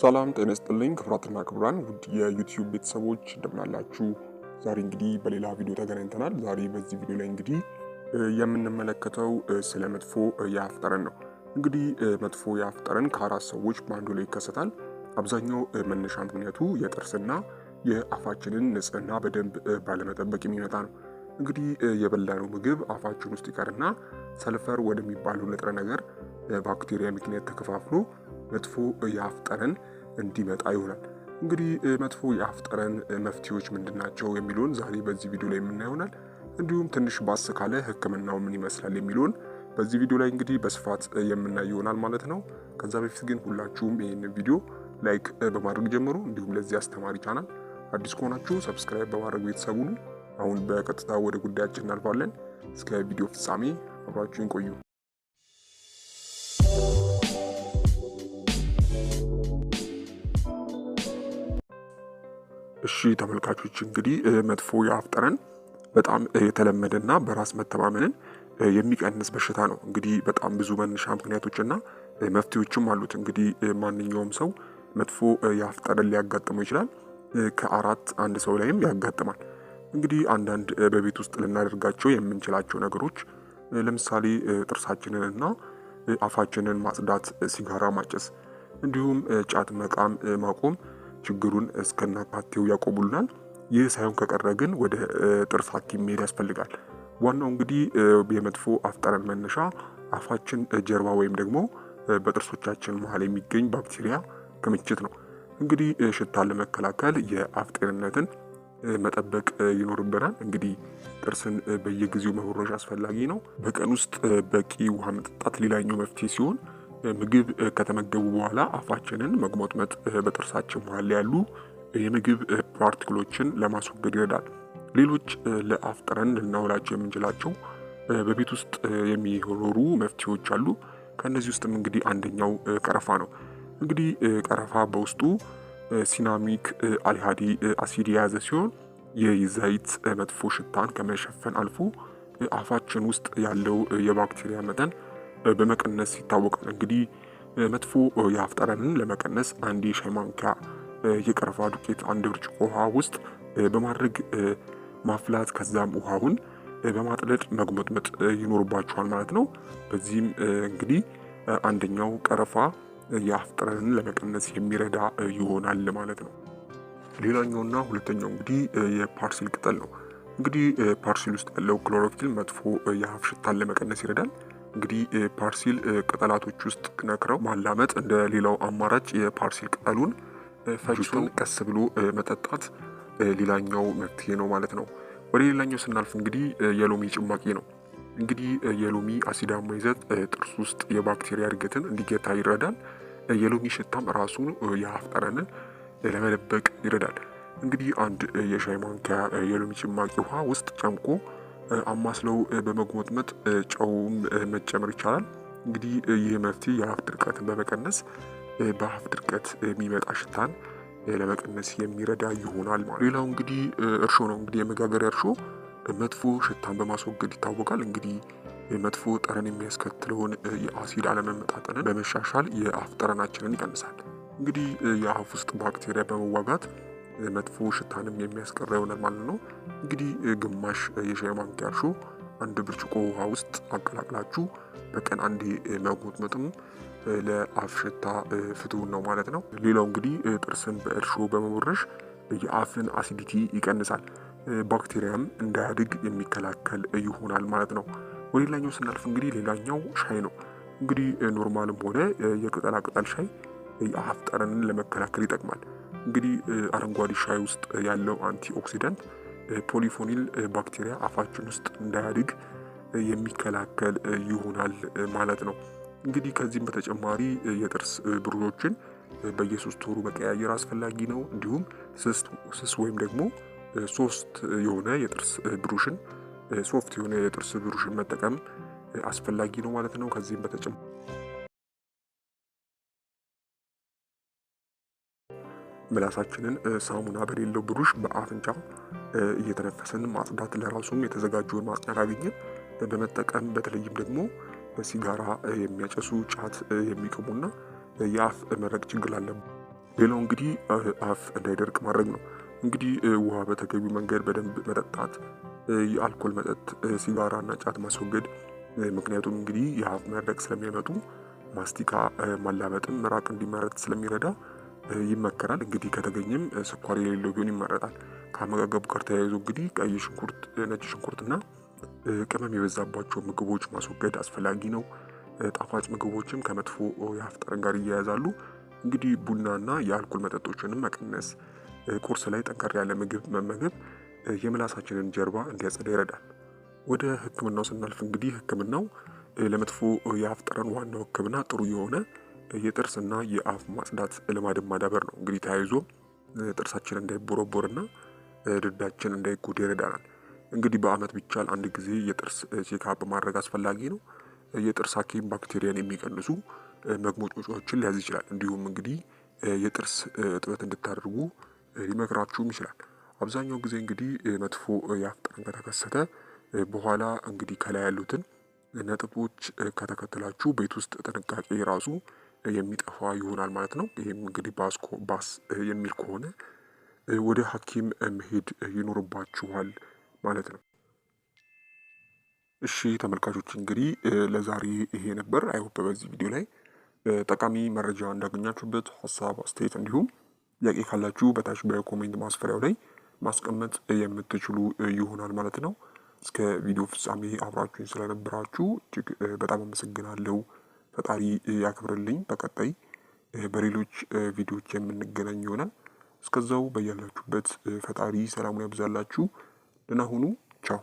ሰላም ጤና ይስጥልኝ ክብራን ክቡራን ውድ የዩቲዩብ ቤተሰቦች እንደምናላችሁ። ዛሬ እንግዲህ በሌላ ቪዲዮ ተገናኝተናል። ዛሬ በዚህ ቪዲዮ ላይ እንግዲህ የምንመለከተው ስለ መጥፎ የአፍ ጠረን ነው። እንግዲህ መጥፎ የአፍ ጠረን ከአራት ሰዎች በአንዱ ላይ ይከሰታል። አብዛኛው መነሻ ምክንያቱ የጥርስና የአፋችንን ንጽህና በደንብ ባለመጠበቅ የሚመጣ ነው። እንግዲህ የበላነው ምግብ አፋችን ውስጥ ይቀርና ሰልፈር ወደሚባለው ንጥረ ነገር ባክቴሪያ ምክንያት ተከፋፍሎ መጥፎ የአፍ ጠረን እንዲመጣ ይሆናል። እንግዲህ መጥፎ የአፍ ጠረን መፍትሄዎች ምንድን ናቸው የሚለውን ዛሬ በዚህ ቪዲዮ ላይ የምናየው ይሆናል። እንዲሁም ትንሽ ባስ ካለ ህክምናው ምን ይመስላል የሚለውን በዚህ ቪዲዮ ላይ እንግዲህ በስፋት የምናየው ይሆናል ማለት ነው። ከዛ በፊት ግን ሁላችሁም ይህን ቪዲዮ ላይክ በማድረግ ጀምሩ። እንዲሁም ለዚህ አስተማሪ ቻናል አዲስ ከሆናችሁ ሰብስክራይብ በማድረግ ቤተሰቡን አሁን በቀጥታ ወደ ጉዳያችን እናልፋለን። እስከ ቪዲዮ ፍጻሜ አብራችሁን ቆዩ። እሺ ተመልካቾች እንግዲህ መጥፎ የአፍ ጠረን በጣም የተለመደና በራስ መተማመንን የሚቀንስ በሽታ ነው። እንግዲህ በጣም ብዙ መነሻ ምክንያቶችና መፍትሄዎችም አሉት። እንግዲህ ማንኛውም ሰው መጥፎ የአፍ ጠረን ሊያጋጥመው ይችላል። ከአራት አንድ ሰው ላይም ያጋጥማል። እንግዲህ አንዳንድ በቤት ውስጥ ልናደርጋቸው የምንችላቸው ነገሮች ለምሳሌ ጥርሳችንን አፋችንን ማጽዳት፣ ሲጋራ ማጨስ እንዲሁም ጫት መቃም ማቆም ችግሩን እስከና ፓቴው ያቆሙልናል። ይህ ሳይሆን ከቀረ ግን ወደ ጥርስ ሐኪም መሄድ ያስፈልጋል። ዋናው እንግዲህ የመጥፎ አፍጠረን መነሻ አፋችን ጀርባ ወይም ደግሞ በጥርሶቻችን መሀል የሚገኝ ባክቴሪያ ክምችት ነው። እንግዲህ ሽታን ለመከላከል የአፍ ጤንነትን መጠበቅ ይኖርብናል። እንግዲህ ጥርስን በየጊዜው መቦረሽ አስፈላጊ ነው። በቀን ውስጥ በቂ ውሃ መጠጣት ሌላኛው መፍትሄ ሲሆን ምግብ ከተመገቡ በኋላ አፋችንን መጉመጥመጥ በጥርሳችን መሀል ያሉ የምግብ ፓርቲክሎችን ለማስወገድ ይረዳል። ሌሎች ለአፍ ጠረን ልናውላቸው የምንችላቸው በቤት ውስጥ የሚኖሩ መፍትሄዎች አሉ። ከእነዚህ ውስጥም እንግዲህ አንደኛው ቀረፋ ነው። እንግዲህ ቀረፋ በውስጡ ሲናሚክ አልሃዲ አሲድ የያዘ ሲሆን የዘይት መጥፎ ሽታን ከመሸፈን አልፎ አፋችን ውስጥ ያለው የባክቴሪያ መጠን በመቀነስ ይታወቃል። እንግዲህ መጥፎ የአፍ ጠረንን ለመቀነስ አንድ የሻይ ማንኪያ የቀረፋ ዱቄት አንድ ብርጭቆ ውሃ ውስጥ በማድረግ ማፍላት ከዛም ውሃውን በማጥለድ መጉመጥመጥ ይኖርባቸዋል ማለት ነው። በዚህም እንግዲህ አንደኛው ቀረፋ የአፍ ጠረንን ለመቀነስ የሚረዳ ይሆናል ማለት ነው። ሌላኛውና ሁለተኛው እንግዲህ የፓርሲል ቅጠል ነው። እንግዲህ ፓርሲል ውስጥ ያለው ክሎሮፊል መጥፎ የአፍ ሽታን ለመቀነስ ይረዳል። እንግዲህ ፓርሲል ቅጠላቶች ውስጥ ነክረው ማላመጥ እንደ ሌላው አማራጭ የፓርሲል ቅጠሉን ፈጭቶን ቀስ ብሎ መጠጣት ሌላኛው መፍትሄ ነው ማለት ነው። ወደ ሌላኛው ስናልፍ እንግዲህ የሎሚ ጭማቂ ነው። እንግዲህ የሎሚ አሲዳማ ይዘት ጥርስ ውስጥ የባክቴሪያ እድገትን እንዲገታ ይረዳል። የሎሚ ሽታም ራሱን የአፍ ጠረንን ለመደበቅ ይረዳል። እንግዲህ አንድ የሻይ ማንኪያ የሎሚ ጭማቂ ውሃ ውስጥ ጨምቆ አማስለው በመጎጥመጥ ጨውም መጨመር ይቻላል። እንግዲህ ይህ መፍትሄ የአፍ ድርቀትን በመቀነስ በአፍ ድርቀት የሚመጣ ሽታን ለመቀነስ የሚረዳ ይሆናል ማለት። ሌላው እንግዲህ እርሾ ነው። እንግዲህ የመጋገሪያ እርሾ መጥፎ ሽታን በማስወገድ ይታወቃል። እንግዲህ መጥፎ ጠረን የሚያስከትለውን የአሲድ አለመመጣጠንን በመሻሻል የአፍ ጠረናችንን ይቀንሳል። እንግዲህ የአፍ ውስጥ ባክቴሪያ በመዋጋት መጥፎ ሽታንም የሚያስቀራ ይሆናል ማለት ነው። እንግዲህ ግማሽ የሻይ ማንኪያ እርሾ አንድ ብርጭቆ ውሃ ውስጥ አቀላቅላችሁ በቀን አንዴ መጎጥመጥም ለአፍ ሽታ ፍቱን ነው ማለት ነው። ሌላው እንግዲህ ጥርስን በእርሾ በመቦረሽ የአፍን አሲዲቲ ይቀንሳል፣ ባክቴሪያም እንዳያድግ የሚከላከል ይሆናል ማለት ነው። ወደ ሌላኛው ስናልፍ እንግዲህ ሌላኛው ሻይ ነው። እንግዲህ ኖርማልም ሆነ የቅጠላቅጠል ሻይ የአፍ ጠረንን ለመከላከል ይጠቅማል። እንግዲህ አረንጓዴ ሻይ ውስጥ ያለው አንቲ ኦክሲደንት ፖሊፎኒል ባክቴሪያ አፋችን ውስጥ እንዳያድግ የሚከላከል ይሆናል ማለት ነው። እንግዲህ ከዚህም በተጨማሪ የጥርስ ብሩሾችን በየሶስት ወሩ መቀያየር አስፈላጊ ነው። እንዲሁም ስስ ወይም ደግሞ ሶፍት የሆነ የጥርስ ብሩሽን ሶፍት የሆነ የጥርስ ብሩሽን መጠቀም አስፈላጊ ነው ማለት ነው። ከዚህም በተጨማሪ ምላሳችንን ሳሙና በሌለው ብሩሽ በአፍንጫ እየተነፈሰን ማጽዳት ለራሱም የተዘጋጀውን ማጽጃ ካገኘን በመጠቀም በተለይም ደግሞ ሲጋራ የሚያጨሱ ጫት የሚቅሙና የአፍ መረቅ ችግር አለብን። ሌላው እንግዲህ አፍ እንዳይደርቅ ማድረግ ነው። እንግዲህ ውሃ በተገቢ መንገድ በደንብ መጠጣት፣ የአልኮል መጠጥ፣ ሲጋራና ጫት ማስወገድ። ምክንያቱም እንግዲህ የአፍ መረቅ ስለሚያመጡ ማስቲካ ማላመጥም መራቅ እንዲመረት ስለሚረዳ ይመከራል። እንግዲህ ከተገኘም ስኳር የሌለው ቢሆን ይመረጣል። ከአመጋገቡ ጋር ተያይዞ እንግዲህ ቀይ ሽንኩርት፣ ነጭ ሽንኩርትና ቅመም የበዛባቸው ምግቦች ማስወገድ አስፈላጊ ነው። ጣፋጭ ምግቦችም ከመጥፎ የአፍ ጠረን ጋር ይያያዛሉ። እንግዲህ ቡናና የአልኮል መጠጦችንም መቀነስ፣ ቁርስ ላይ ጠንከር ያለ ምግብ መመገብ የምላሳችንን ጀርባ እንዲያጸዳ ይረዳል። ወደ ሕክምናው ስናልፍ እንግዲህ ሕክምናው ለመጥፎ የአፍ ጠረን ዋናው ሕክምና ጥሩ የሆነ የጥርስና የአፍ ማጽዳት ልማድን ማዳበር ነው። እንግዲህ ተያይዞ ጥርሳችን እንዳይቦረቦርና ድዳችን እንዳይጎዳ ይረዳናል። እንግዲህ በአመት ቢቻል አንድ ጊዜ የጥርስ ቼካፕ ማድረግ አስፈላጊ ነው። የጥርስ ሐኪም ባክቴሪያን የሚቀንሱ መግሞጮጫዎችን ሊያዝ ይችላል። እንዲሁም እንግዲህ የጥርስ እጥበት እንድታደርጉ ሊመክራችሁም ይችላል። አብዛኛው ጊዜ እንግዲህ መጥፎ የአፍ ጠረን ከተከሰተ በኋላ እንግዲህ ከላይ ያሉትን ነጥቦች ከተከተላችሁ ቤት ውስጥ ጥንቃቄ ራሱ የሚጠፋ ይሆናል ማለት ነው። ይህም እንግዲህ ባስኮ ባስ የሚል ከሆነ ወደ ሀኪም መሄድ ይኖርባችኋል ማለት ነው። እሺ ተመልካቾች እንግዲህ ለዛሬ ይሄ ነበር። አይሆፕ በዚህ ቪዲዮ ላይ ጠቃሚ መረጃ እንዳገኛችሁበት፣ ሀሳብ አስተያየት፣ እንዲሁም ጥያቄ ካላችሁ በታች በኮሜንት ማስፈሪያው ላይ ማስቀመጥ የምትችሉ ይሆናል ማለት ነው። እስከ ቪዲዮ ፍጻሜ አብራችሁኝ ስለነበራችሁ እጅግ በጣም አመሰግናለሁ። ፈጣሪ ያክብርልኝ። በቀጣይ በሌሎች ቪዲዮዎች የምንገናኝ ይሆናል። እስከዛው በያላችሁበት ፈጣሪ ሰላሙን ያብዛላችሁ። ደህና ሁኑ። ቻው